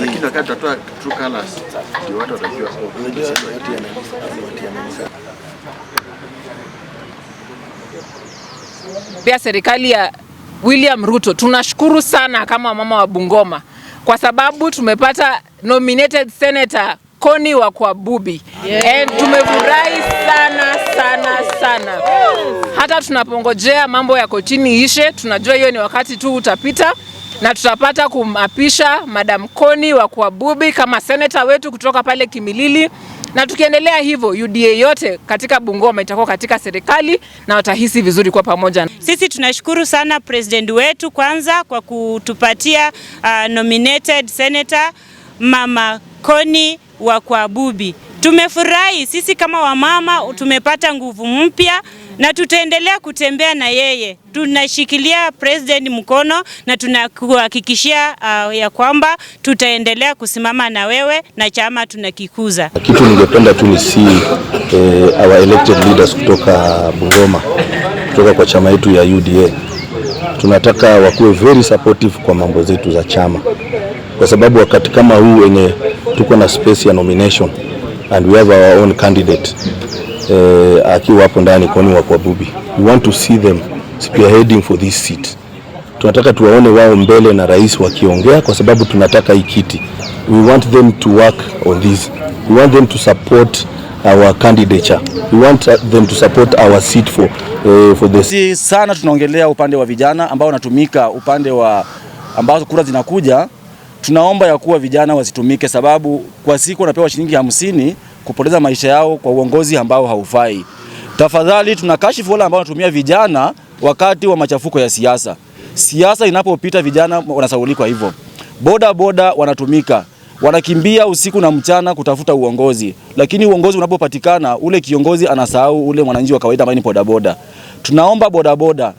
lakini wakati tutatoa true colors ndio watu watajua. Pia serikali ya William Ruto tunashukuru sana kama mama wa Bungoma kwa sababu tumepata nominated senator Koni wa kwabubi Yeah. And tumefurahi sana sana sana hata tunapongojea mambo ya kotini ishe, tunajua hiyo ni wakati tu utapita na tutapata kumapisha Madam Koni wa Kwabubi kama seneta wetu kutoka pale Kimilili, na tukiendelea hivyo UDA yote katika Bungoma itakuwa katika serikali na watahisi vizuri kwa pamoja. Sisi tunashukuru sana president wetu kwanza kwa kutupatia uh, nominated senator Mama Koni wa Kwabubi. Tumefurahi sisi kama wamama, tumepata nguvu mpya na tutaendelea kutembea na yeye. Tunashikilia president mkono na tunakuhakikishia uh, ya kwamba tutaendelea kusimama na wewe na chama tunakikuza. Kitu ningependa tu ni si eh, our elected leaders kutoka Bungoma, kutoka kwa chama yetu ya UDA, tunataka wakuwe very supportive kwa mambo zetu za chama, kwa sababu wakati kama huu wenye tuko na space ya nomination and we have our own candidate eh, akiwa hapo ndani koniwa wako Bubi. We want to see them spearheading for this seat. Tunataka tuwaone wao mbele na rais wakiongea, kwa sababu tunataka hii kiti. We want them to work on this. We want them to support our candidature. We want them to support our seat for, uh, for this. Si sana tunaongelea upande wa vijana ambao wanatumika upande wa ambazo kura zinakuja, tunaomba ya kuwa vijana wasitumike, sababu kwa siku wanapewa shilingi hamsini kupoteza maisha yao kwa uongozi ambao haufai. Tafadhali tunakashifu wale ambao wanatumia vijana wakati wa machafuko ya siasa. Siasa inapopita vijana wanasaulikwa hivyo. Boda boda wanatumika, wanakimbia usiku na mchana kutafuta uongozi, lakini uongozi unapopatikana ule kiongozi anasahau ule mwananchi wa kawaida ambaye ni boda. Tunaomba bodaboda,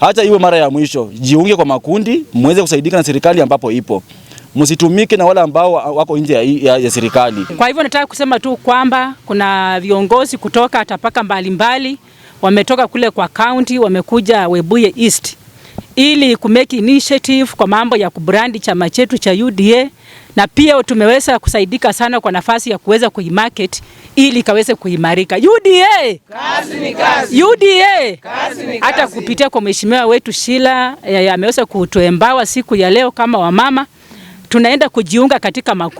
hata iwe mara ya mwisho, jiunge kwa makundi muweze kusaidika na serikali ambapo ipo msitumike na wale ambao wako nje ya, ya, ya serikali. Kwa hivyo nataka kusema tu kwamba kuna viongozi kutoka tapaka mbalimbali wametoka kule kwa county wamekuja Webuye East ili make initiative kwa mambo ya kubrandi chama chetu cha UDA na pia tumeweza kusaidika sana kwa nafasi ya kuweza kuimarket ili ikaweze kuimarika. UDA kazi ni kazi. UDA kazi ni kazi. Hata kupitia kwa mheshimiwa wetu Shila ameweza kutuembawa siku ya leo kama wamama tunaenda kujiunga katika makundi.